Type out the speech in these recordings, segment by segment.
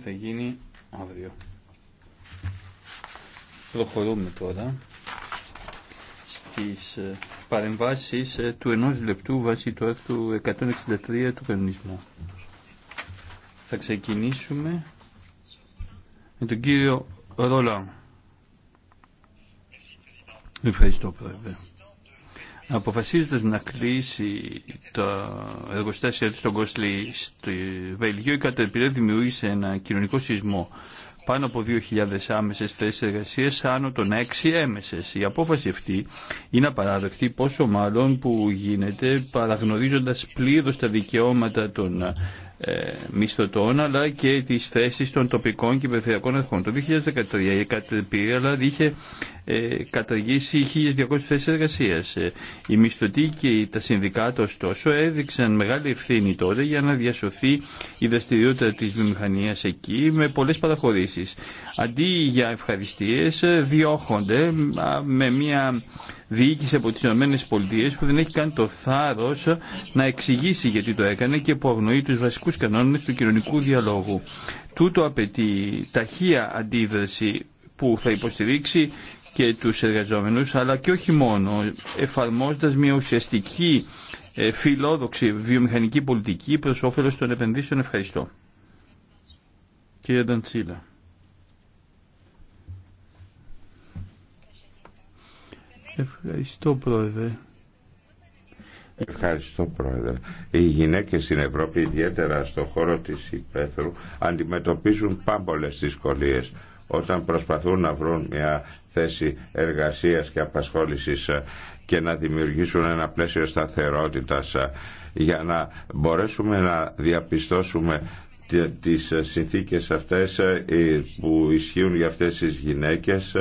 θα γίνει αύριο. Προχωρούμε τώρα στις ε, παρεμβάσεις ε, του ενός λεπτού βάσει του 163 του κανονισμού. Θα ξεκινήσουμε με τον κύριο Ρόλα. Ευχαριστώ πρόεδρε αποφασίζοντας να κλείσει το εργοστάσιο του στον Κόσλι στο Βελγίο, η κατεπηρέ δημιούργησε ένα κοινωνικό σεισμό. Πάνω από 2.000 άμεσε θέσει εργασία άνω των 6 έμεσε. Η απόφαση αυτή είναι απαράδεκτη, πόσο μάλλον που γίνεται παραγνωρίζοντα πλήρω τα δικαιώματα των ε, μισθωτών αλλά και τις θέσεις των τοπικών και περιφερειακών αρχών. Το 2013 η αλλά δηλαδή, είχε ε, καταργήσει 1.200 θέσεις εργασίας. Ε, οι μισθωτοί και τα συνδικάτα ωστόσο έδειξαν μεγάλη ευθύνη τότε για να διασωθεί η δραστηριότητα της βιομηχανία εκεί με πολλέ παραχωρήσει. Αντί για ευχαριστίε, ε, διώχονται με μια διοίκηση από τις ΗΠΑ που δεν έχει καν το θάρρος να εξηγήσει γιατί το έκανε και που αγνοεί τους βασικού κανόνε του κοινωνικού διαλόγου. Τούτο απαιτεί ταχεία αντίδραση που θα υποστηρίξει και τους εργαζόμενους, αλλά και όχι μόνο, εφαρμόζοντας μια ουσιαστική ε, φιλόδοξη βιομηχανική πολιτική προς όφελος των επενδύσεων. Ευχαριστώ. Κύριε Νταντσίλα. Ευχαριστώ πρόεδρε. Ευχαριστώ Πρόεδρε. Οι γυναίκες στην Ευρώπη, ιδιαίτερα στον χώρο της υπαίθρου, αντιμετωπίζουν πάμπολες δυσκολίες όταν προσπαθούν να βρουν μια θέση εργασίας και απασχόλησης και να δημιουργήσουν ένα πλαίσιο σταθερότητας για να μπορέσουμε να διαπιστώσουμε τις συνθήκες αυτές ε, που ισχύουν για αυτές τις γυναίκες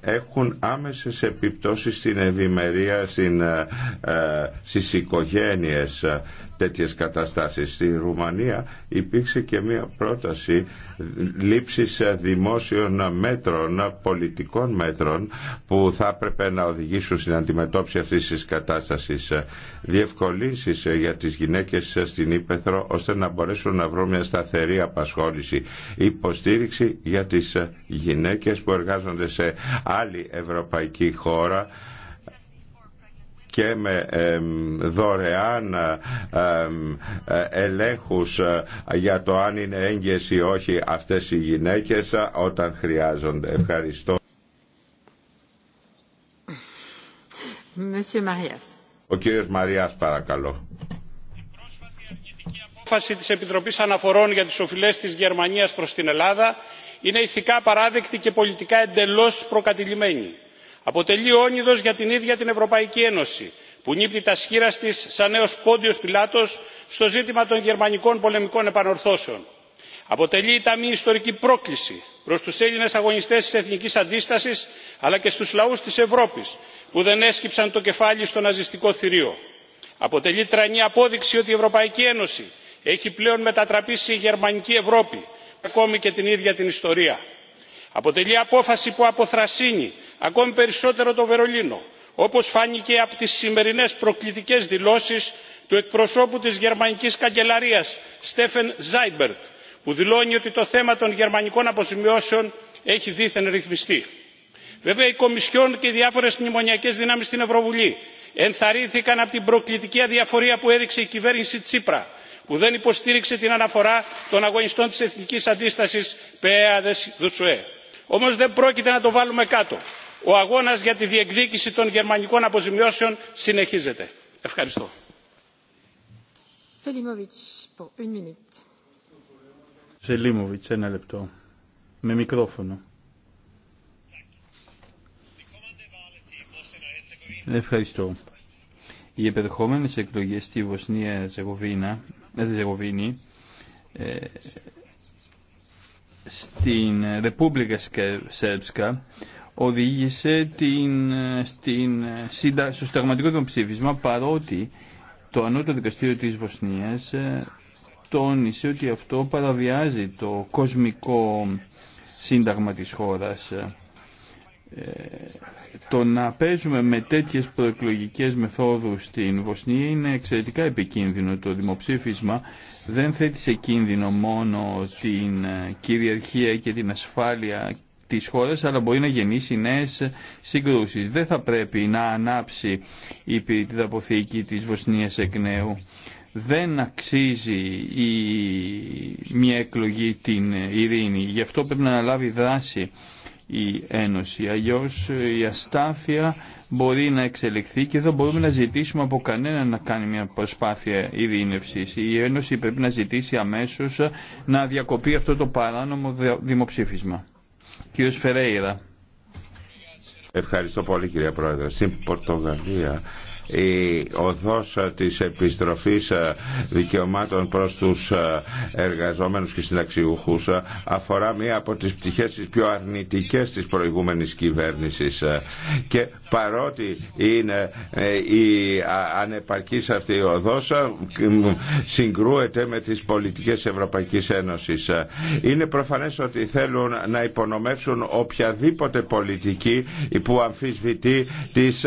έχουν άμεσες επιπτώσεις στην ευημερία, στην, ε, ε, στις οικογένειες, τέτοιες καταστάσεις. Στη Ρουμανία υπήρξε και μια πρόταση λήψης δημόσιων μέτρων, πολιτικών μέτρων που θα έπρεπε να οδηγήσουν στην αντιμετώπιση αυτής της κατάστασης. Διευκολύνσεις για τις γυναίκες στην Ήπεθρο ώστε να μπορέσουν να βρουν μια σταθερή απασχόληση. Υποστήριξη για τις γυναίκες που εργάζονται σε άλλη ευρωπαϊκή χώρα και με δωρεάν ε, ελέγχους ε, για το αν είναι έγκαιες ή όχι αυτές οι γυναίκες ε, όταν χρειάζονται. Ευχαριστώ. Ο κύριος Μαριάς παρακαλώ. Η απόφαση της Επιτροπής Αναφορών για τις οφειλές της Γερμανίας προς την Ελλάδα είναι ηθικά παράδεκτη και πολιτικά εντελώς προκατηλημένη αποτελεί όνειδος για την ίδια την ευρωπαϊκή ένωση που νύπτει τα σχήρα τη σαν νέος πόντιος πιλάτος στο ζήτημα των γερμανικών πολεμικών επανορθώσεων. αποτελεί ταμή ιστορική πρόκληση προς τους έλληνες αγωνιστές της εθνικής αντίστασης αλλά και στους λαούς της ευρώπης που δεν έσκυψαν το κεφάλι στο ναζιστικό θηρίο. αποτελεί τρανή απόδειξη ότι η ευρωπαϊκή ένωση έχει πλέον μετατραπεί σε γερμανική ευρώπη ακόμη και την ίδια την ιστορία αποτελεί απόφαση που αποθρασύνει ακόμη περισσότερο το βερολίνο όπως φάνηκε από τις σημερινές προκλητικές δηλώσεις του εκπροσώπου της γερμανικής καγκελαρίας στέφεν Ζάιμπερτ που δηλώνει ότι το θέμα των γερμανικών αποζημιώσεων έχει δήθεν ρυθμιστεί. Βέβαια η Κομισιόν και οι διάφορες μνημονιακές δυνάμεις στην Ευρωβουλή ενθαρρύνθηκαν από την προκλητική αδιαφορία που έδειξε η κυβέρνηση Τσίπρα που δεν υποστήριξε την αναφορά των αγωνιστών της Εθνικής Αντίστασης ΠΕΑΔΕΣ ΔΟΣΟΕ όμως δεν πρόκειται να το βάλουμε κάτω. ο αγώνας για τη διεκδίκηση των γερμανικών αποζημιώσεων συνεχίζεται. ευχαριστώ. Σελίμοβιτς, ένα λεπτό. Με μικρόφωνο. Ευχαριστώ. Οι επερχόμενες εκλογές στη Βοσνία Ζεγοβίνη ε, στην Ρεπούμπλικα Σέρψκα οδήγησε την, ε, στην, ε, στο σταγματικό των ψήφισμα παρότι το ανώτατο δικαστήριο της Βοσνίας ε, τόνισε ότι αυτό παραβιάζει το κοσμικό σύνταγμα της χώρας ε, το να παίζουμε με τέτοιες προεκλογικές μεθόδους στην Βοσνία είναι εξαιρετικά επικίνδυνο. Το δημοψήφισμα δεν θέτει σε κίνδυνο μόνο την ε, κυριαρχία και την ασφάλεια της χώρας, αλλά μπορεί να γεννήσει νέες συγκρούσεις. Δεν θα πρέπει να ανάψει η αποθήκη της Βοσνίας εκ νέου. Δεν αξίζει η... μια εκλογή την ε, ειρήνη. Γι' αυτό πρέπει να αναλάβει δράση η Ένωση. Αλλιώς η αστάθεια μπορεί να εξελιχθεί και δεν μπορούμε να ζητήσουμε από κανένα να κάνει μια προσπάθεια ειρήνευση. Η Ένωση πρέπει να ζητήσει αμέσως να διακοπεί αυτό το παράνομο δημοψήφισμα. Κύριος Φερέιρα. Ευχαριστώ πολύ κύριε Πρόεδρε. Στην Πορτογαλία η οδός της επιστροφής ε, δικαιωμάτων προς τους ε, εργαζόμενους και συνταξιούχους ε, αφορά μία από τις πτυχές τις πιο αρνητικές της προηγούμενης κυβέρνησης και παρότι είναι η ανεπαρκής αυτή η οδός συγκρούεται με τις πολιτικές Ευρωπαϊκής Ένωσης. Είναι προφανές ότι θέλουν να υπονομεύσουν οποιαδήποτε πολιτική που αμφισβητεί τις,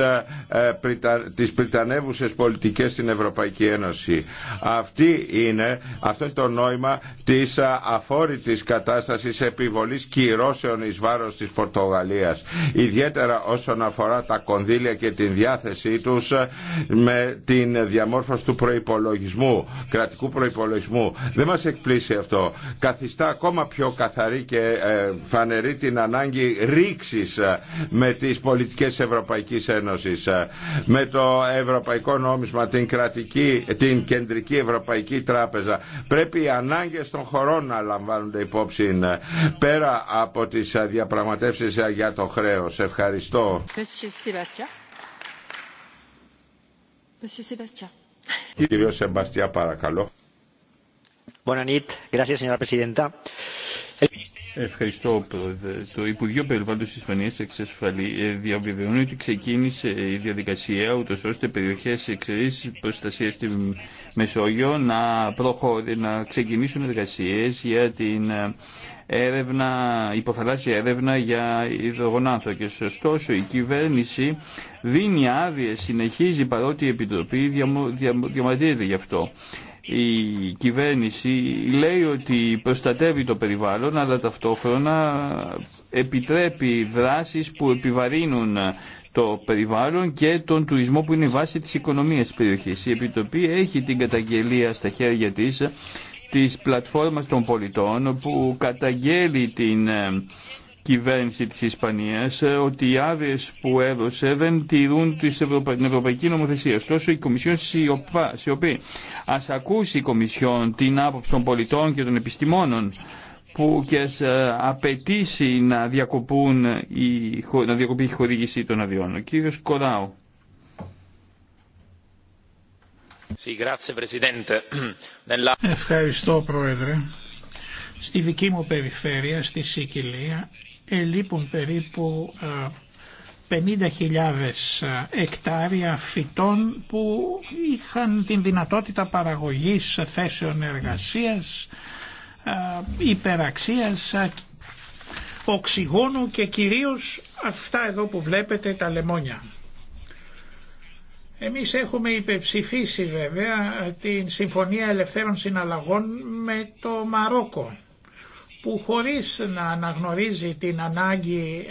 τις τις πριτανεύουσες πολιτικές στην Ευρωπαϊκή Ένωση. Αυτή είναι, αυτό είναι το νόημα της αφόρητης κατάστασης επιβολής κυρώσεων εις βάρος της Πορτογαλίας. Ιδιαίτερα όσον αφορά τα κονδύλια και την διάθεσή τους με την διαμόρφωση του προϋπολογισμού, κρατικού προϋπολογισμού. Δεν μας εκπλήσει αυτό. Καθιστά ακόμα πιο καθαρή και ε, φανερή την ανάγκη ρήξης με τις πολιτικές Ευρωπαϊκής Ένωσης. Με το Ευρωπαϊκό Νόμισμα, την, κρατική, την Κεντρική Ευρωπαϊκή Τράπεζα. Πρέπει οι ανάγκες των χωρών να λαμβάνονται υπόψη ε, πέρα από τις ε, διαπραγματεύσεις ε, για το χρέος. Ευχαριστώ. Κύριο Σεμπαστιά, παρακαλώ. Ευχαριστώ, Πρόεδρε. Το Υπουργείο Περιβάλλοντο τη Ισπανία ε, διαβεβαιώνει ότι ξεκίνησε η διαδικασία ούτω ώστε περιοχέ εξαιρέσει προστασία στη Μεσόγειο να, προχω... να ξεκινήσουν εργασίε για την ε, έρευνα, υποθαλάσσια έρευνα για Και Ωστόσο, η κυβέρνηση δίνει άδειε, συνεχίζει παρότι η Επιτροπή διαμαρτύρεται γι' αυτό η κυβέρνηση λέει ότι προστατεύει το περιβάλλον αλλά ταυτόχρονα επιτρέπει δράσεις που επιβαρύνουν το περιβάλλον και τον τουρισμό που είναι η βάση της οικονομίας της περιοχής. Η Επιτροπή έχει την καταγγελία στα χέρια της της πλατφόρμας των πολιτών που καταγγέλει την κυβέρνηση της Ισπανίας ε, ότι οι άδειε που έδωσε δεν τηρούν την Ευρωπαϊκή Νομοθεσία. Ωστόσο η Κομισιόν σιωπή. Ας ακούσει η Κομισιόν την άποψη των πολιτών και των επιστημόνων που και ας ε, απαιτήσει να, διακοπούν η, να διακοπεί η χορήγηση των αδειών. Ο κύριος Κοράου. Ευχαριστώ Πρόεδρε. Στη δική μου περιφέρεια, στη Σικηλία, λείπουν περίπου 50.000 εκτάρια φυτών που είχαν την δυνατότητα παραγωγής θέσεων εργασίας, υπεραξίας, οξυγόνου και κυρίως αυτά εδώ που βλέπετε τα λεμόνια. Εμείς έχουμε υπεψηφίσει βέβαια την Συμφωνία Ελευθέρων Συναλλαγών με το Μαρόκο που χωρίς να αναγνωρίζει την ανάγκη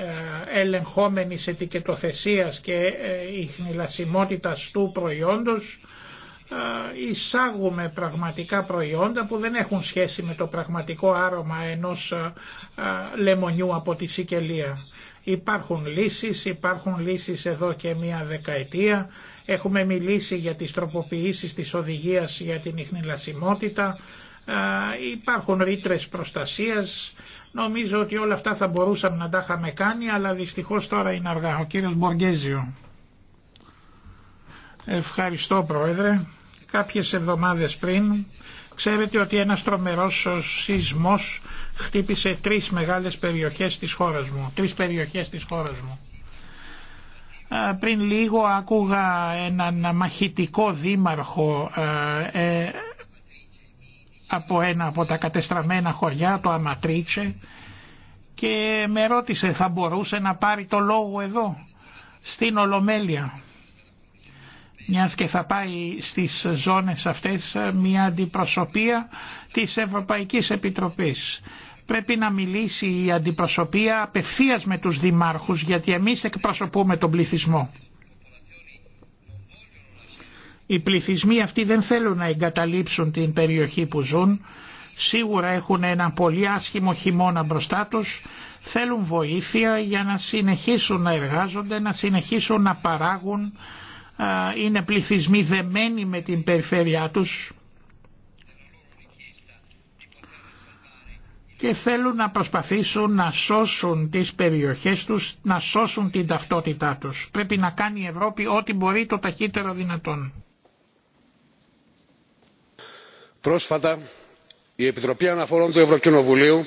ε, ελεγχόμενης ετικετοθεσίας και ε, ηχνηλασιμότητας του προϊόντος ε, εισάγουμε πραγματικά προϊόντα που δεν έχουν σχέση με το πραγματικό άρωμα ενός λεμονιού από τη Σικελία. Υπάρχουν λύσεις, υπάρχουν λύσεις εδώ και μία δεκαετία. Έχουμε μιλήσει για τις τροποποιήσεις της οδηγίας για την ιχνηλασιμότητα υπάρχουν ρήτρε προστασίας. Νομίζω ότι όλα αυτά θα μπορούσαμε να τα είχαμε κάνει, αλλά δυστυχώς τώρα είναι αργά. Ο κύριος Μποργέζιο. Ευχαριστώ Πρόεδρε. Κάποιες εβδομάδες πριν ξέρετε ότι ένας τρομερός σεισμός χτύπησε τρεις μεγάλες περιοχές της χώρας μου. Τρεις περιοχές της χώρας μου. Πριν λίγο άκουγα έναν μαχητικό δήμαρχο ε, από ένα από τα κατεστραμμένα χωριά, το Αματρίτσε, και με ρώτησε θα μπορούσε να πάρει το λόγο εδώ, στην Ολομέλεια. Μιας και θα πάει στις ζώνες αυτές μια αντιπροσωπεία της Ευρωπαϊκής Επιτροπής. Πρέπει να μιλήσει η αντιπροσωπεία απευθείας με τους δημάρχους, γιατί εμείς εκπροσωπούμε τον πληθυσμό. Οι πληθυσμοί αυτοί δεν θέλουν να εγκαταλείψουν την περιοχή που ζουν, σίγουρα έχουν ένα πολύ άσχημο χειμώνα μπροστά τους, θέλουν βοήθεια για να συνεχίσουν να εργάζονται, να συνεχίσουν να παράγουν, είναι πληθυσμοί δεμένοι με την περιφέρειά τους και θέλουν να προσπαθήσουν να σώσουν τις περιοχές τους, να σώσουν την ταυτότητά τους. Πρέπει να κάνει η Ευρώπη ό,τι μπορεί το ταχύτερο δυνατόν πρόσφατα η επιτροπή αναφορών του ευρωκοινοβουλίου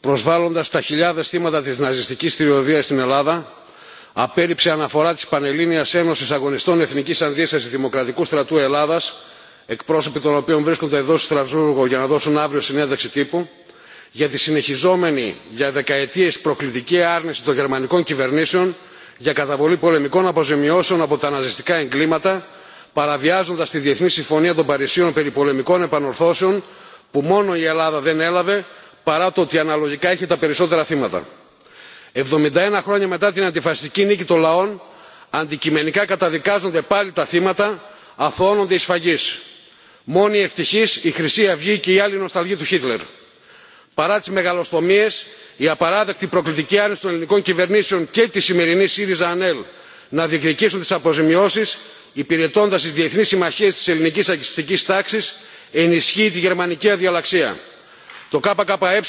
προσβάλλοντας τα χιλιάδες θύματα της ναζιστικής στηριοδία στην ελλάδα απέρριψε αναφορά της πανελλήνιας ένωσης αγωνιστών εθνικής αντίστασης δημοκρατικού στρατού ελλάδας εκπρόσωποι των οποίων βρίσκονται εδώ στο στρασβούργο για να δώσουν αύριο συνέντευξη τύπου για τη συνεχιζόμενη για δεκαετίες προκλητική άρνηση των γερμανικών κυβερνήσεων για καταβολή πολεμικών αποζημιώσεων από τα ναζιστικά εγκλήματα παραβιάζοντας τη διεθνή συμφωνία των παρισίων περί πολεμικών επανορθώσεων που μόνο η ελλάδα δεν έλαβε παρά το ότι αναλογικά είχε τα περισσότερα θύματα. 71 χρόνια μετά την αντιφασιστική νίκη των λαών αντικειμενικά καταδικάζονται πάλι τα θύματα αθωώνονται οι σφαγείς. Μόνο η ευτυχείς η χρυσή αυγή και η άλλη νοσταλγή του χίτλερ. παρά τις μεγαλοστομίες η απαράδεκτη προκλητική άρνηση των ελληνικών κυβερνήσεων και τη σημερινή σύριζα ανέλ να διεκδικήσουν τις αποζημιώσεις υπηρετώντας τις διεθνείς συμμαχίες της ελληνικής αγκιστικής τάξης ενισχύει τη γερμανική αδιαλαξία. το κκε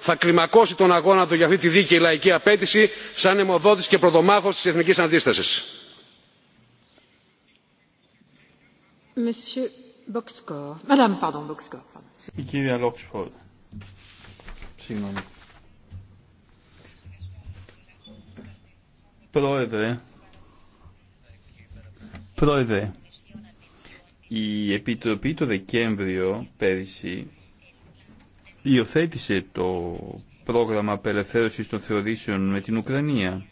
θα κλιμακώσει τον αγώνα του για αυτή τη δίκαιη λαϊκή απέτηση σαν αιμοδότης και πρωτομάχος της εθνικής αντίστασης. Πρόεδρε, Πρόεδρε, η Επιτροπή το Δεκέμβριο πέρυσι υιοθέτησε το πρόγραμμα απελευθέρωσης των θεωρήσεων με την Ουκρανία,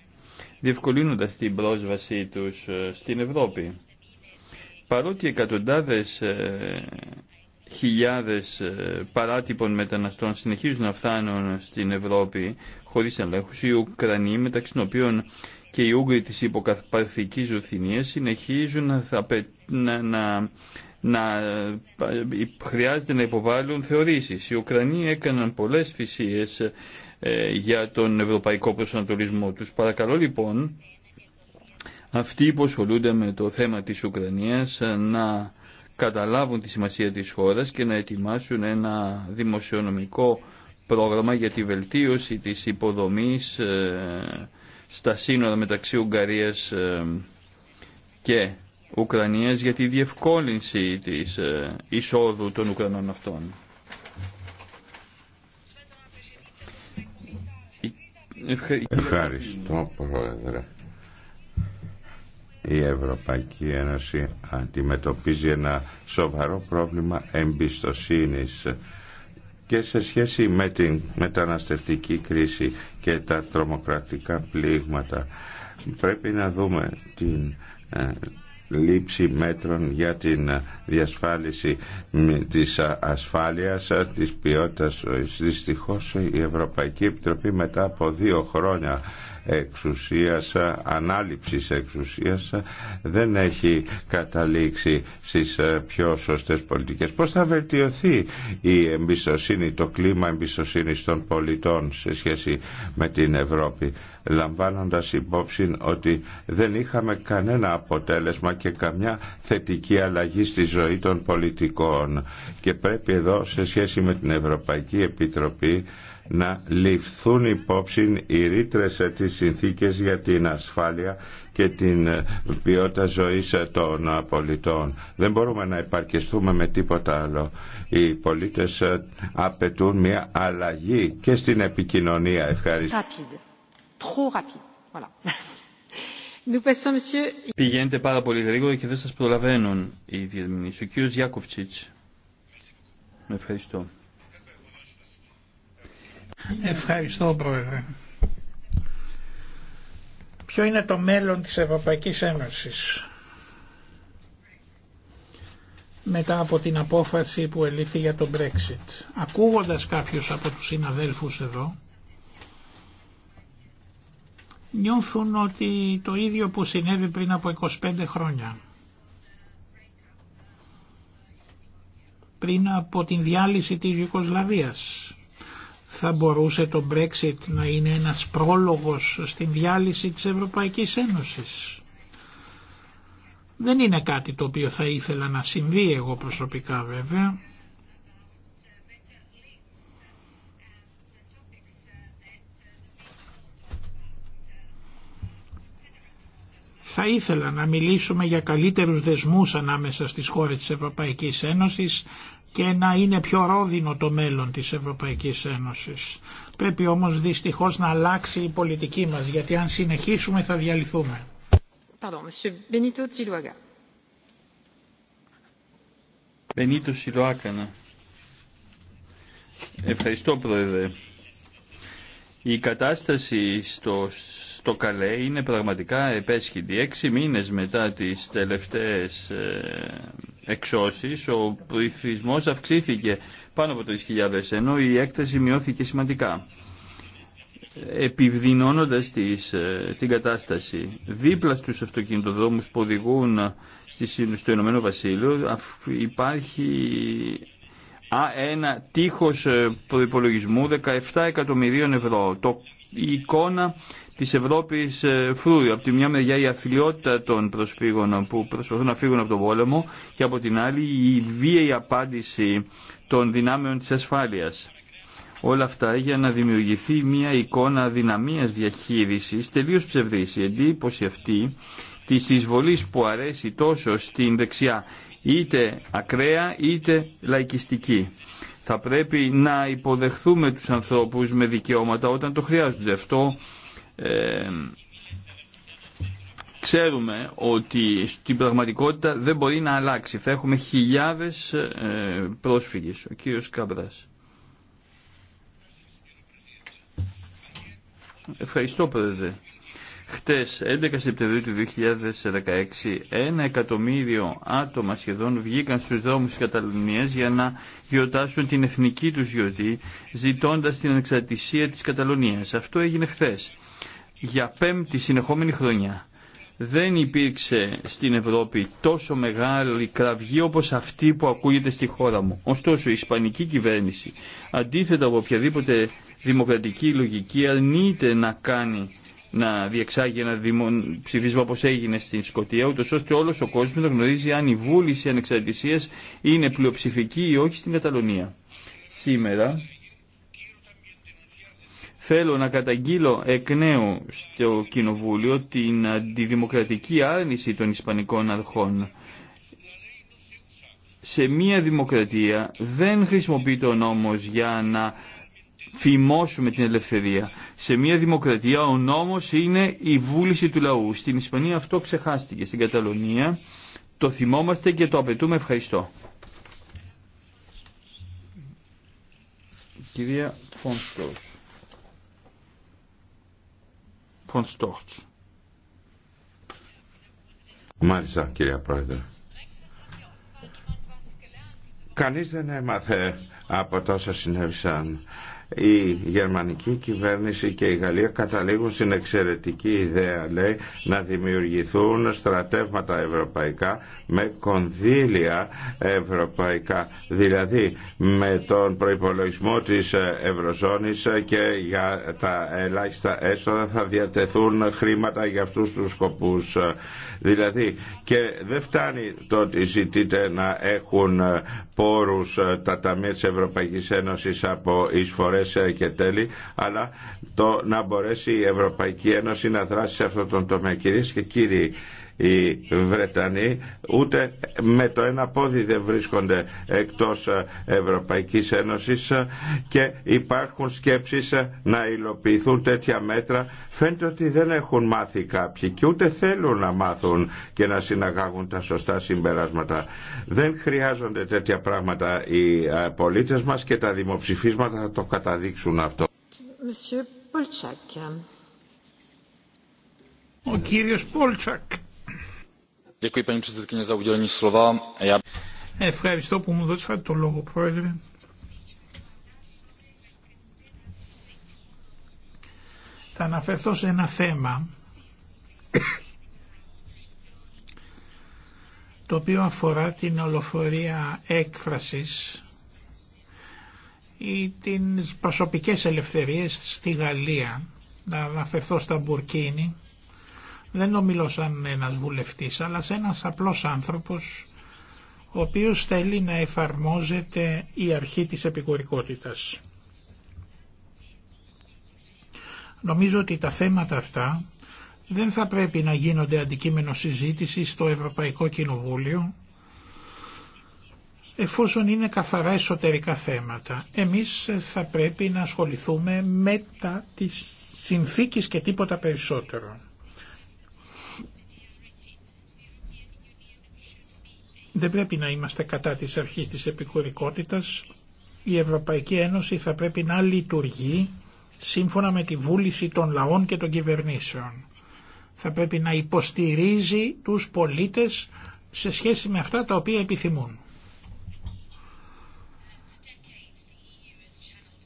διευκολύνοντας την πρόσβασή τους ε, στην Ευρώπη. Παρότι εκατοντάδες ε, χιλιάδες ε, παράτυπων μεταναστών συνεχίζουν να φτάνουν στην Ευρώπη χωρίς ελέγχους, οι Ουκρανοί μεταξύ των οποίων και οι Ούγγροι της υποκαθπαθικής Ρουθινίας συνεχίζουν να, να, να, ε, χρειάζεται να υποβάλουν θεωρήσεις. Οι Ουκρανοί έκαναν πολλές θυσίε ε, για τον ευρωπαϊκό προσανατολισμό τους. Παρακαλώ λοιπόν αυτοί που ασχολούνται με το θέμα της Ουκρανίας ε, να καταλάβουν τη σημασία της χώρας και να ετοιμάσουν ένα δημοσιονομικό πρόγραμμα για τη βελτίωση της υποδομής στα σύνορα μεταξύ Ουγγαρίας ε, και Ουκρανίας για τη διευκόλυνση της ε, εισόδου των Ουκρανών αυτών. Ευχαριστώ Πρόεδρε. Η Ευρωπαϊκή Ένωση αντιμετωπίζει ένα σοβαρό πρόβλημα εμπιστοσύνης και σε σχέση με την μεταναστευτική κρίση και τα τρομοκρατικά πλήγματα. Πρέπει να δούμε την ε, λήψη μέτρων για την ε, διασφάλιση της ε, ασφάλειας της ποιότητας. Δυστυχώς η Ευρωπαϊκή Επιτροπή μετά από δύο χρόνια εξουσίας, ανάληψης εξουσίας δεν έχει καταλήξει στις ε, πιο σωστές πολιτικές. Πώς θα βελτιωθεί η εμπιστοσύνη, το κλίμα εμπιστοσύνη των πολιτών σε σχέση με την Ευρώπη λαμβάνοντας υπόψη ότι δεν είχαμε κανένα αποτέλεσμα και καμιά θετική αλλαγή στη ζωή των πολιτικών και πρέπει εδώ σε σχέση με την Ευρωπαϊκή Επιτροπή να ληφθούν υπόψη οι ρήτρε ε, της συνθήκες για την ασφάλεια και την ε, ποιότητα ζωής ε, των πολιτών. Δεν μπορούμε να υπαρκεστούμε με τίποτα άλλο. Οι πολίτες απαιτούν μια αλλαγή και στην επικοινωνία. Ευχαριστώ. Πηγαίνετε πάρα πολύ γρήγορα και δεν σας προλαβαίνουν οι διερμηνείς. Ο κύριο Γιάκοφτσιτς. Ευχαριστώ. Ευχαριστώ Πρόεδρε. Ποιο είναι το μέλλον της Ευρωπαϊκής Ένωσης μετά από την απόφαση που ελήφθη για το Brexit. Ακούγοντας κάποιους από τους συναδέλφους εδώ, νιώθουν ότι το ίδιο που συνέβη πριν από 25 χρόνια. Πριν από την διάλυση της Ιουκοσλαβίας θα μπορούσε το Brexit να είναι ένας πρόλογος στην διάλυση της Ευρωπαϊκής Ένωσης. Δεν είναι κάτι το οποίο θα ήθελα να συμβεί εγώ προσωπικά βέβαια. Θα ήθελα να μιλήσουμε για καλύτερους δεσμούς ανάμεσα στις χώρες της Ευρωπαϊκής Ένωσης, και να είναι πιο ρόδινο το μέλλον της Ευρωπαϊκής Ένωσης. Πρέπει όμως δυστυχώς να αλλάξει η πολιτική μας, γιατί αν συνεχίσουμε θα διαλυθούμε. Benito ναι. Ευχαριστώ, Πρόεδρε. Η κατάσταση στο, στο Καλέ είναι πραγματικά επέσχυντη. Έξι μήνες μετά τις τελευταίες ε, εξώσεις ο πληθυσμό αυξήθηκε πάνω από 3.000 ενώ η έκταση μειώθηκε σημαντικά επιδεινώνοντας τις, ε, την κατάσταση. Δίπλα στους αυτοκινητοδρόμους που οδηγούν στο Ηνωμένο Βασίλειο υπάρχει Α, ένα τείχος ε, προϋπολογισμού 17 εκατομμυρίων ευρώ. Το, η εικόνα της Ευρώπης ε, Φρούει, Από τη μια μεριά η αθλειότητα των προσφύγων που προσπαθούν να φύγουν από τον πόλεμο και από την άλλη η βίαιη απάντηση των δυνάμεων της ασφάλειας. Όλα αυτά για να δημιουργηθεί μια εικόνα δυναμίας διαχείρισης τελείως ψευδής. Η εντύπωση αυτή της εισβολής που αρέσει τόσο στην δεξιά είτε ακραία είτε λαϊκιστική. Θα πρέπει να υποδεχθούμε τους ανθρώπους με δικαιώματα όταν το χρειάζονται. Αυτό ε, ξέρουμε ότι στην πραγματικότητα δεν μπορεί να αλλάξει. Θα έχουμε χιλιάδες ε, πρόσφυγες. Ο κύριος Καμπράς. Ευχαριστώ πρόεδρε. Χτες, 11 Σεπτεμβρίου του 2016, ένα εκατομμύριο άτομα σχεδόν βγήκαν στους δρόμους της Καταλωνίας για να γιορτάσουν την εθνική τους γιορτή, ζητώντας την ανεξαρτησία της Καταλωνίας. Αυτό έγινε χθες. Για πέμπτη συνεχόμενη χρονιά δεν υπήρξε στην Ευρώπη τόσο μεγάλη κραυγή όπως αυτή που ακούγεται στη χώρα μου. Ωστόσο η Ισπανική κυβέρνηση αντίθετα από οποιαδήποτε δημοκρατική λογική αρνείται να κάνει να διεξάγει ένα δημον ψηφίσμα όπως έγινε στην Σκοτία, ούτως ώστε όλος ο κόσμος να γνωρίζει αν η βούληση ανεξαρτησίας είναι πλειοψηφική ή όχι στην Καταλωνία. Σήμερα θέλω να καταγγείλω εκ νέου στο Κοινοβούλιο την αντιδημοκρατική άρνηση των Ισπανικών αρχών. Σε μία δημοκρατία δεν χρησιμοποιείται ο νόμος για να φημώσουμε την ελευθερία. Σε μια δημοκρατία ο νόμος είναι η βούληση του λαού. Στην Ισπανία αυτό ξεχάστηκε. Στην Καταλωνία το θυμόμαστε και το απαιτούμε. Ευχαριστώ. Κυρία Μάλιστα κυρία Πρόεδρε. Κανείς δεν έμαθε από τόσα συνέβησαν η γερμανική κυβέρνηση και η Γαλλία καταλήγουν στην εξαιρετική ιδέα λέει να δημιουργηθούν στρατεύματα ευρωπαϊκά με κονδύλια ευρωπαϊκά δηλαδή με τον προϋπολογισμό της Ευρωζώνης και για τα ελάχιστα έσοδα θα διατεθούν χρήματα για αυτούς τους σκοπούς δηλαδή και δεν φτάνει το ότι ζητείτε να έχουν πόρους τα Ταμεία της Ευρωπαϊκής Ένωσης από εισφορές ε, και τέλει, αλλά το να μπορέσει η Ευρωπαϊκή Ένωση να δράσει σε αυτό τον τομέα. Κυρίες και κύριοι, οι Βρετανοί ούτε με το ένα πόδι δεν βρίσκονται εκτός ε, Ευρωπαϊκής Ένωσης ε, και υπάρχουν σκέψεις ε, να υλοποιηθούν τέτοια μέτρα φαίνεται ότι δεν έχουν μάθει κάποιοι και ούτε θέλουν να μάθουν και να συναγάγουν τα σωστά συμπεράσματα. Δεν χρειάζονται τέτοια πράγματα οι πολίτες μας και τα δημοψηφίσματα θα το καταδείξουν αυτό. Ο κύριος Πολτσακ. Ευχαριστώ που μου δώσατε το λόγο, Πρόεδρε. Θα αναφερθώ σε ένα θέμα το οποίο αφορά την ολοφορία έκφρασης ή τις προσωπικές ελευθερίες στη Γαλλία. Να αναφερθώ στα Μπουρκίνη δεν ομιλώ σαν ένας βουλευτής, αλλά σαν ένας απλός άνθρωπος, ο οποίος θέλει να εφαρμόζεται η αρχή της επικουρικότητας. Νομίζω ότι τα θέματα αυτά δεν θα πρέπει να γίνονται αντικείμενο συζήτηση στο Ευρωπαϊκό Κοινοβούλιο, εφόσον είναι καθαρά εσωτερικά θέματα. Εμείς θα πρέπει να ασχοληθούμε μετά τα της και τίποτα περισσότερο. Δεν πρέπει να είμαστε κατά της αρχής της επικουρικότητας. Η Ευρωπαϊκή Ένωση θα πρέπει να λειτουργεί σύμφωνα με τη βούληση των λαών και των κυβερνήσεων. Θα πρέπει να υποστηρίζει τους πολίτες σε σχέση με αυτά τα οποία επιθυμούν.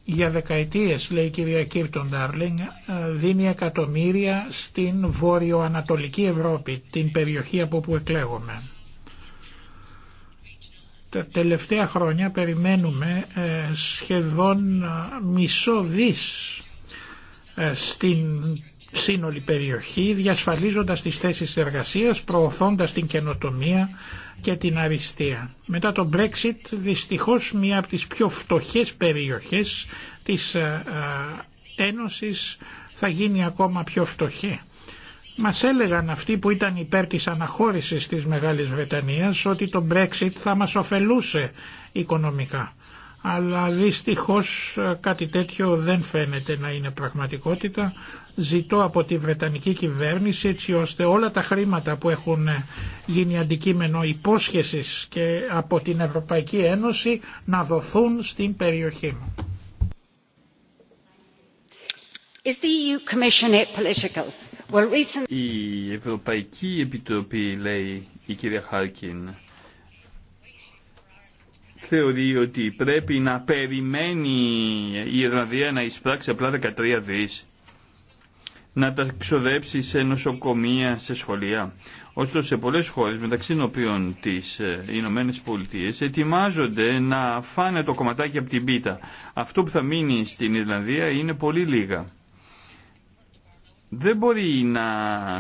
για δεκαετίες, λέει η κυρία Κίρτον Ντάρλινγκ, δίνει εκατομμύρια στην βόρειο-ανατολική Ευρώπη, την περιοχή από όπου εκλέγομαι. Τα τελευταία χρόνια περιμένουμε ε, σχεδόν μισό δις ε, στην σύνολη περιοχή, διασφαλίζοντας τις θέσεις εργασίας, προωθώντας την καινοτομία και την αριστεία. Μετά το Brexit, δυστυχώς μία από τις πιο φτωχές περιοχές της ε, Ένωσης θα γίνει ακόμα πιο φτωχή. Μα έλεγαν αυτοί που ήταν υπέρ της αναχώρησης της Μεγάλης Βρετανίας ότι το Brexit θα μας ωφελούσε οικονομικά. Αλλά δυστυχώς ε, κάτι τέτοιο δεν φαίνεται να είναι πραγματικότητα. Ζητώ από τη Βρετανική κυβέρνηση έτσι ώστε όλα τα χρήματα που έχουν ε, γίνει αντικείμενο υπόσχεσης και από την Ευρωπαϊκή Ένωση να δοθούν στην περιοχή μου. E η Ευρωπαϊκή Επιτροπή, λέει η κυρία Χάρκιν, θεωρεί ότι πρέπει να περιμένει η Ιρλανδία να εισπράξει απλά 13 δις, να τα ξοδέψει σε νοσοκομεία, σε σχολεία. Ωστόσο σε πολλές χώρες, μεταξύ των οποίων τις ε, Ηνωμένε Πολιτείε, ετοιμάζονται να φάνε το κομματάκι από την πίτα. Αυτό που θα μείνει στην Ιρλανδία είναι πολύ λίγα δεν μπορεί να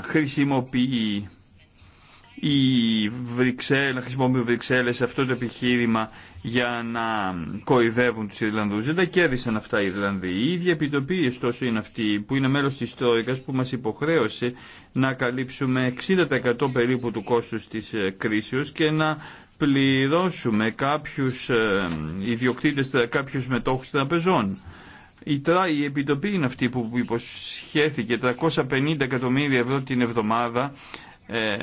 χρησιμοποιεί η Βρυξέλλε, να χρησιμοποιεί αυτό το επιχείρημα για να κορυδεύουν τους Ιρλανδούς. Δεν τα κέρδισαν αυτά οι Ιρλανδοί. Η ίδια επιτροπή ωστόσο είναι αυτή που είναι μέλος της Τρόικας που μας υποχρέωσε να καλύψουμε 60% περίπου του κόστους της ε, κρίσεως και να πληρώσουμε κάποιους ε, ιδιοκτήτες, κάποιους μετόχους τραπεζών. Η ΤΡΑ, η Επιτροπή είναι αυτή που υποσχέθηκε 350 εκατομμύρια ευρώ την εβδομάδα ε,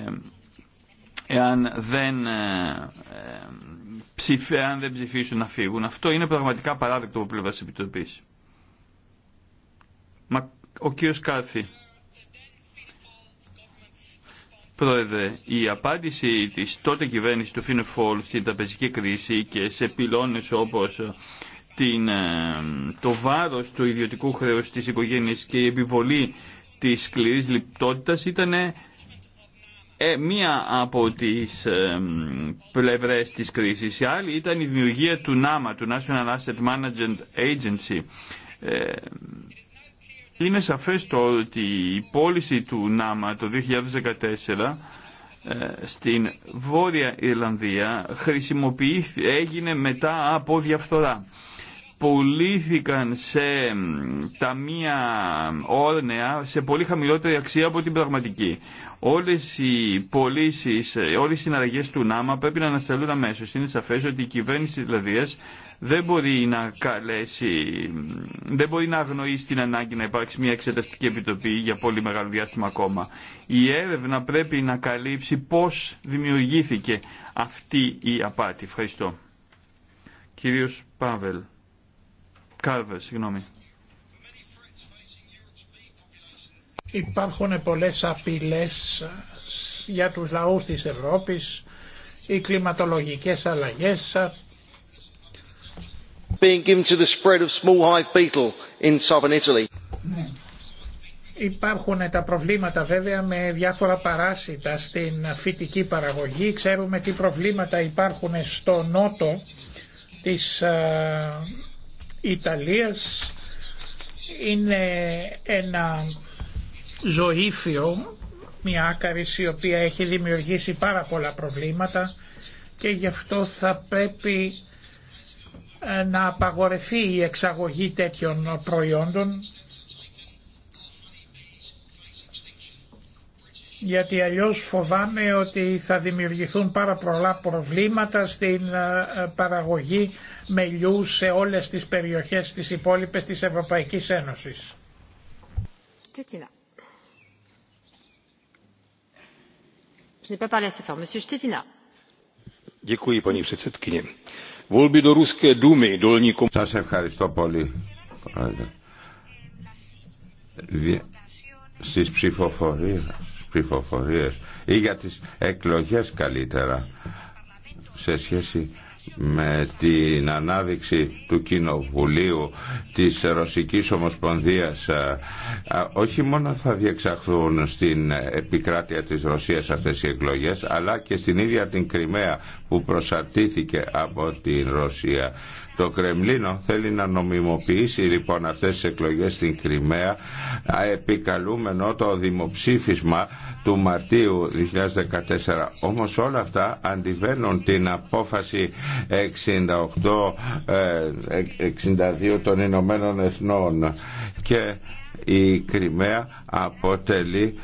εάν δεν, ε, δεν ψηφίσουν να φύγουν. Αυτό είναι πραγματικά παράδεκτο από πλευρά τη επιτροπή. Μα, ο κύριο Κάρθη. Πρόεδρε, η απάντηση της τότε κυβέρνησης του Φίνεφόλ στην τραπεζική κρίση και σε πυλώνες όπως την, ε, το βάρος του ιδιωτικού χρέους της οικογένεια και η επιβολή της σκληρής λιπτότητας ήταν ε, ε, μία από τις ε, πλευρές της κρίσης. Η άλλη ήταν η δημιουργία του ΝΑΜΑ, του National Asset Management Agency. είναι σαφές το ότι η πώληση του ΝΑΜΑ το 2014 στην Βόρεια Ιρλανδία έγινε μετά από διαφθορά πουλήθηκαν σε ταμεία όρνεα σε πολύ χαμηλότερη αξία από την πραγματική. Όλες οι πωλήσει, ε, όλες οι συναλλαγές του ΝΑΜΑ πρέπει να ανασταλούν αμέσω. Είναι σαφές ότι η κυβέρνηση της Λαδία δεν μπορεί να καλέσει, δεν μπορεί να αγνοήσει την ανάγκη να υπάρξει μια εξεταστική επιτροπή για πολύ μεγάλο διάστημα ακόμα. Η έρευνα πρέπει να καλύψει πώς δημιουργήθηκε αυτή η απάτη. Ευχαριστώ. Κύριος Πάβελ. Υπάρχουν πολλές απειλές για τους λαούς της Ευρώπης, οι κλιματολογικές αλλαγές. Being Υπάρχουν τα προβλήματα βέβαια με διάφορα παράσιτα στην φυτική παραγωγή. Ξέρουμε τι προβλήματα υπάρχουν στο νότο της ε, Ιταλίας είναι ένα ζωήφιο, μια άκαρηση η οποία έχει δημιουργήσει πάρα πολλά προβλήματα και γι' αυτό θα πρέπει ε, να απαγορευτεί η εξαγωγή τέτοιων προϊόντων γιατί αλλιώς φοβάμαι ότι θα δημιουργηθούν πάρα πολλά προβλήματα στην ε, ε, παραγωγή μελιού σε όλες τις περιοχές της υπόλοιπες της Ευρωπαϊκής Ένωσης. Σας ευχαριστώ πολύ. Στις ψηφοφορίες ψηφοφορίες ή για τις εκλογές καλύτερα σε σχέση με την ανάδειξη του Κοινοβουλίου της Ρωσικής Ομοσπονδίας ε, ε, όχι μόνο θα διεξαχθούν στην επικράτεια της Ρωσίας αυτές οι εκλογές αλλά και στην ίδια την Κρυμαία που προσαρτήθηκε από την Ρωσία. Το Κρεμλίνο θέλει να νομιμοποιήσει λοιπόν αυτές τις εκλογές στην Κρυμαία επικαλούμενο το δημοψήφισμα του Μαρτίου 2014. Όμως όλα αυτά αντιβαίνουν την απόφαση 68-62 ε, των Ηνωμένων Εθνών και η Κρυμαία αποτελεί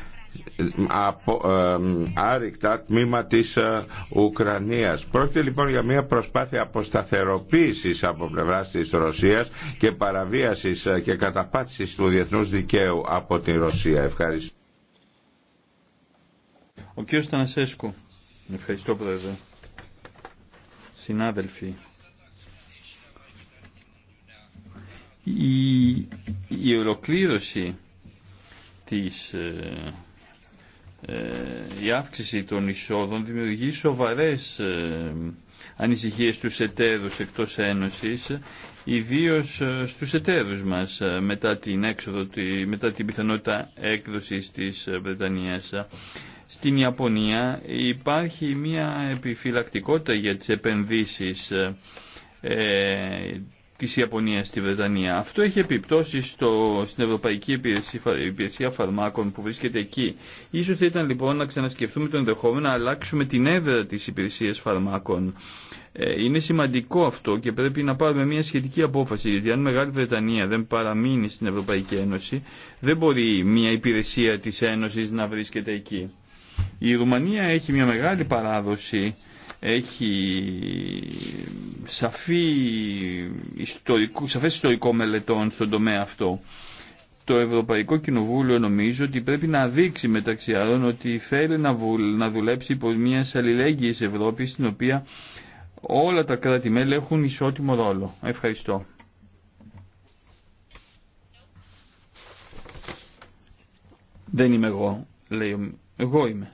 από, ε, άρρηκτα τμήμα της ε, Ουκρανίας. Πρόκειται λοιπόν για μια προσπάθεια αποσταθεροποίησης από πλευράς της Ρωσίας και παραβίασης ε, και καταπάτησης του διεθνούς δικαίου από την Ρωσία. Ευχαριστώ. Ο κύριος Τανασέσκου. Ευχαριστώ Συνάδελφοι, η, η ολοκλήρωση της ε, ε, η αύξηση των εισόδων δημιουργεί σοβαρές ε, ανησυχίες στους εταίρους εκτός Ένωσης, ιδίως στους εταίρους μας μετά την, έξοδο, μετά την πιθανότητα έκδοση της Βρετανίας στην Ιαπωνία υπάρχει μια επιφυλακτικότητα για τις επενδύσεις ε, της Ιαπωνίας στη Βρετανία. Αυτό έχει επιπτώσει στο, στην Ευρωπαϊκή Υπηρεσία, Φαρμάκων που βρίσκεται εκεί. Ίσως θα ήταν λοιπόν να ξανασκεφτούμε τον ενδεχόμενο να αλλάξουμε την έδρα της Υπηρεσίας Φαρμάκων. Ε, είναι σημαντικό αυτό και πρέπει να πάρουμε μια σχετική απόφαση, γιατί αν η Μεγάλη Βρετανία δεν παραμείνει στην Ευρωπαϊκή Ένωση, δεν μπορεί μια υπηρεσία της Ένωσης να βρίσκεται εκεί. Η Ρουμανία έχει μια μεγάλη παράδοση, έχει σαφή ιστορικό, σαφές ιστορικό μελετών στον τομέα αυτό. Το Ευρωπαϊκό Κοινοβούλιο νομίζω ότι πρέπει να δείξει μεταξύ άλλων ότι θέλει να δουλέψει υπό μια αλληλέγγυη Ευρώπη στην οποία όλα τα κράτη-μέλη έχουν ισότιμο ρόλο. Ευχαριστώ. Δεν είμαι εγώ, λέει εγώ είμαι.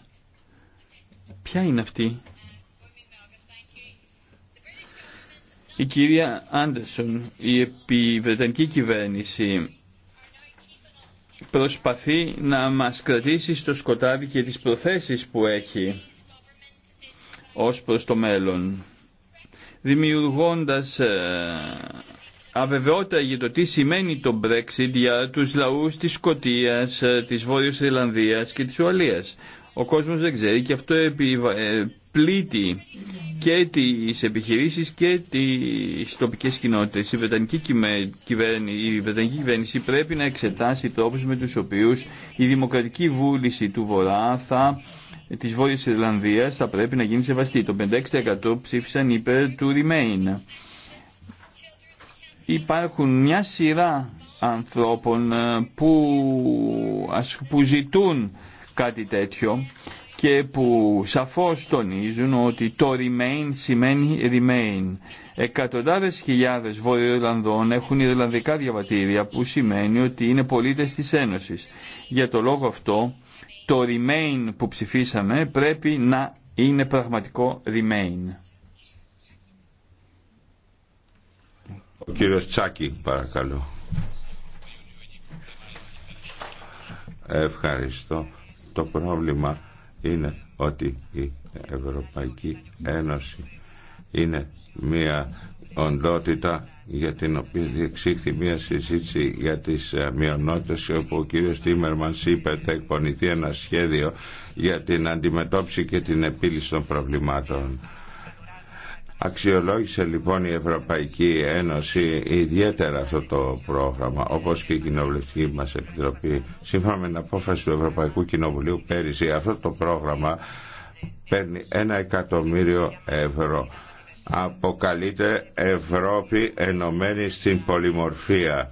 Ποια είναι αυτή. Η κυρία Άντερσον, η επιβρετανική κυβέρνηση, προσπαθεί να μας κρατήσει στο σκοτάδι και τις προθέσεις που έχει ως προς το μέλλον, δημιουργώντας ε, αβεβαιότητα για το τι σημαίνει το Brexit για τους λαούς της Σκοτίας, ε, της Βόρειας Ιρλανδίας και της Ουαλίας. Ο κόσμος δεν ξέρει και αυτό ε, πλήττει και τις επιχειρήσεις και τις τοπικές κοινότητες. Η Βρετανική, κυβέρνηση, η Βρετανική κυβέρνηση πρέπει να εξετάσει τρόπους με τους οποίους η δημοκρατική βούληση του Βορρά θα της Βόρειας Ιρλανδίας θα πρέπει να γίνει σεβαστή. Το 56% ψήφισαν υπέρ του Remain υπάρχουν μια σειρά ανθρώπων ε, που, που ζητούν κάτι τέτοιο και που σαφώς τονίζουν ότι το remain σημαίνει remain. Εκατοντάδες χιλιάδες Βορειοϊρλανδών έχουν Ιρλανδικά διαβατήρια που σημαίνει ότι είναι πολίτες της Ένωσης. Για το λόγο αυτό το remain που ψηφίσαμε πρέπει να είναι πραγματικό remain. Ο κύριος Τσάκη, παρακαλώ. Ευχαριστώ. Το πρόβλημα είναι ότι η Ευρωπαϊκή Ένωση είναι μια οντότητα για την οποία διεξήχθη μια συζήτηση για τις ε, μειονότητες όπου ο κύριος Τίμερμανς είπε θα εκπονηθεί ένα σχέδιο για την αντιμετώπιση και την επίλυση των προβλημάτων. Αξιολόγησε λοιπόν η Ευρωπαϊκή Ένωση ιδιαίτερα αυτό το πρόγραμμα, όπως και η Κοινοβουλευτική μας Επιτροπή. Σύμφωνα με την απόφαση του Ευρωπαϊκού Κοινοβουλίου πέρυσι, αυτό το πρόγραμμα παίρνει ένα εκατομμύριο ευρώ. Αποκαλείται Ευρώπη Ενωμένη στην Πολυμορφία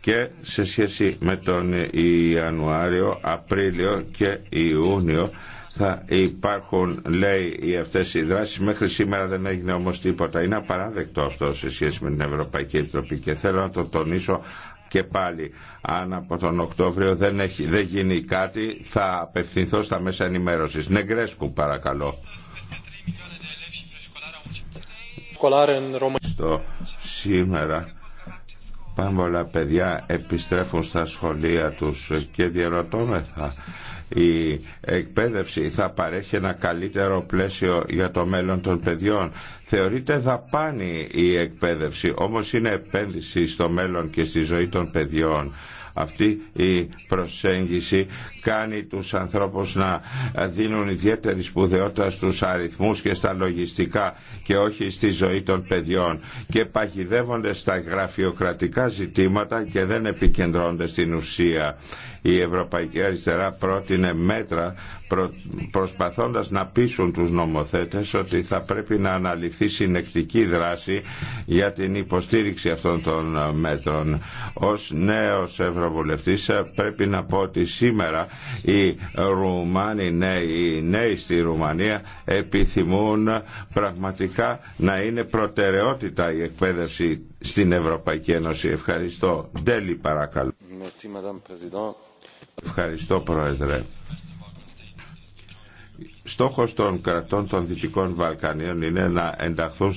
και σε σχέση με τον Ιανουάριο, Απρίλιο και Ιούνιο θα υπάρχουν λέει οι αυτές οι δράσεις μέχρι σήμερα δεν έγινε όμως τίποτα είναι απαράδεκτο αυτό σε σχέση με την Ευρωπαϊκή Επιτροπή και θέλω να το τονίσω και πάλι αν από τον Οκτώβριο δεν, έχει, δεν γίνει κάτι θα απευθυνθώ στα μέσα ενημέρωσης Νεγκρέσκου παρακαλώ στο σήμερα πάμε όλα παιδιά επιστρέφουν στα σχολεία τους και διαρωτώμεθα η εκπαίδευση θα παρέχει ένα καλύτερο πλαίσιο για το μέλλον των παιδιών. Θεωρείται δαπάνη η εκπαίδευση, όμως είναι επένδυση στο μέλλον και στη ζωή των παιδιών. Αυτή η προσέγγιση κάνει τους ανθρώπους να δίνουν ιδιαίτερη σπουδαιότητα στους αριθμούς και στα λογιστικά και όχι στη ζωή των παιδιών και παγιδεύονται στα γραφειοκρατικά ζητήματα και δεν επικεντρώνονται στην ουσία. Η Ευρωπαϊκή Αριστερά πρότεινε μέτρα προσπαθώντας να πείσουν τους νομοθέτες ότι θα πρέπει να αναλυθεί συνεκτική δράση για την υποστήριξη αυτών των μέτρων. Ως νέος Ευρωβουλευτής πρέπει να πω ότι σήμερα οι Ρουμάνοι ναι, νέοι, στη Ρουμανία επιθυμούν πραγματικά να είναι προτεραιότητα η εκπαίδευση στην Ευρωπαϊκή Ένωση. Ευχαριστώ. Ντέλη παρακαλώ. Ευχαριστώ Πρόεδρε στόχος των κρατών των Δυτικών Βαλκανίων είναι να ενταχθούν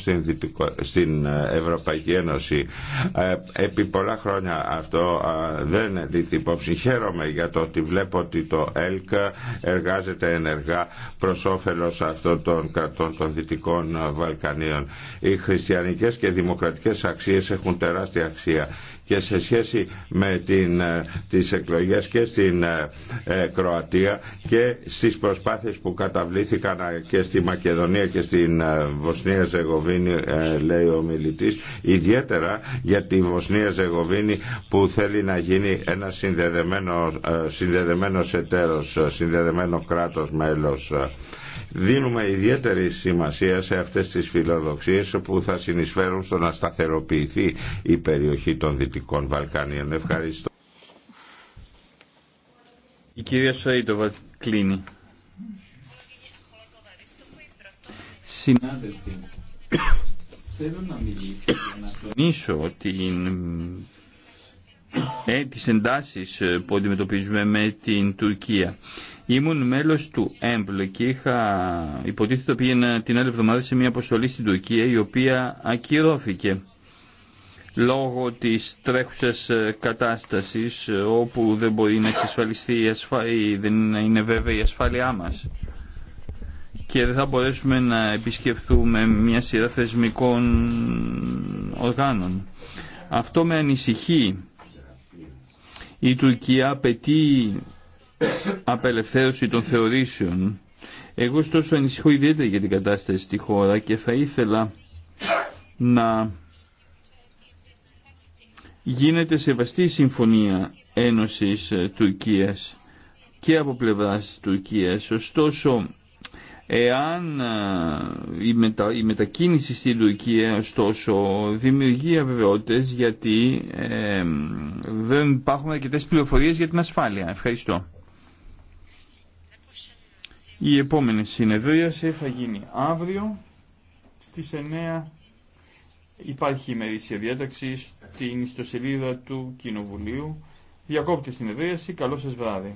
στην, ε, Ευρωπαϊκή Ένωση. Ε, επί πολλά χρόνια αυτό ε, δεν λύθη υπόψη. Χαίρομαι για το ότι βλέπω ότι το ΕΛΚ εργάζεται ενεργά προς όφελος αυτών των κρατών των Δυτικών Βαλκανίων. Οι χριστιανικές και δημοκρατικές αξίες έχουν τεράστια αξία και σε σχέση με την, ε, τις εκλογές και στην ε, ε, Κροατία και στις προσπάθειες που καταβλήθηκαν και στη Μακεδονία και στην Βοσνία Ζεγοβίνη λέει ο μιλητής ιδιαίτερα για τη Βοσνία Ζεγοβίνη που θέλει να γίνει ένα συνδεδεμένο συνδεδεμένος εταίρος, συνδεδεμένο κράτος μέλος Δίνουμε ιδιαίτερη σημασία σε αυτές τις φιλοδοξίες που θα συνεισφέρουν στο να σταθεροποιηθεί η περιοχή των Δυτικών Βαλκανίων. Ευχαριστώ. Η κυρία Σαΐτοβα κλείνει. Συνάδελφοι, θέλω να μιλήσω για να τονίσω την, ε, τις εντάσεις που αντιμετωπίζουμε με την Τουρκία. Ήμουν μέλος του ΕΜΠΛ και είχα υποτίθεται πήγαινα την άλλη εβδομάδα σε μια αποστολή στην Τουρκία η οποία ακυρώθηκε λόγω της τρέχουσας ε, κατάστασης ε, όπου δεν μπορεί να εξασφαλιστεί η ασφάλεια, δεν είναι βέβαια η ασφάλειά μας και δεν θα μπορέσουμε να επισκεφθούμε μια σειρά θεσμικών οργάνων. Αυτό με ανησυχεί. Η Τουρκία απαιτεί απελευθέρωση των θεωρήσεων. Εγώ ωστόσο ανησυχώ ιδιαίτερα για την κατάσταση στη χώρα και θα ήθελα να γίνεται σεβαστή συμφωνία Ένωσης Τουρκίας και από πλευράς Τουρκίας. Ωστόσο, εάν ε, η, μετα... η μετακίνηση στην Τουρκία, ωστόσο, δημιουργεί αβεβαιότητες γιατί ε, δεν υπάρχουν αρκετές πληροφορίες για την ασφάλεια. Ευχαριστώ. Η επόμενη συνεδρίαση θα γίνει αύριο στις 9. Υπάρχει ημερήσια διάταξη στην ιστοσελίδα του Κοινοβουλίου. Διακόπτη συνεδρίαση. Καλό σας βράδυ.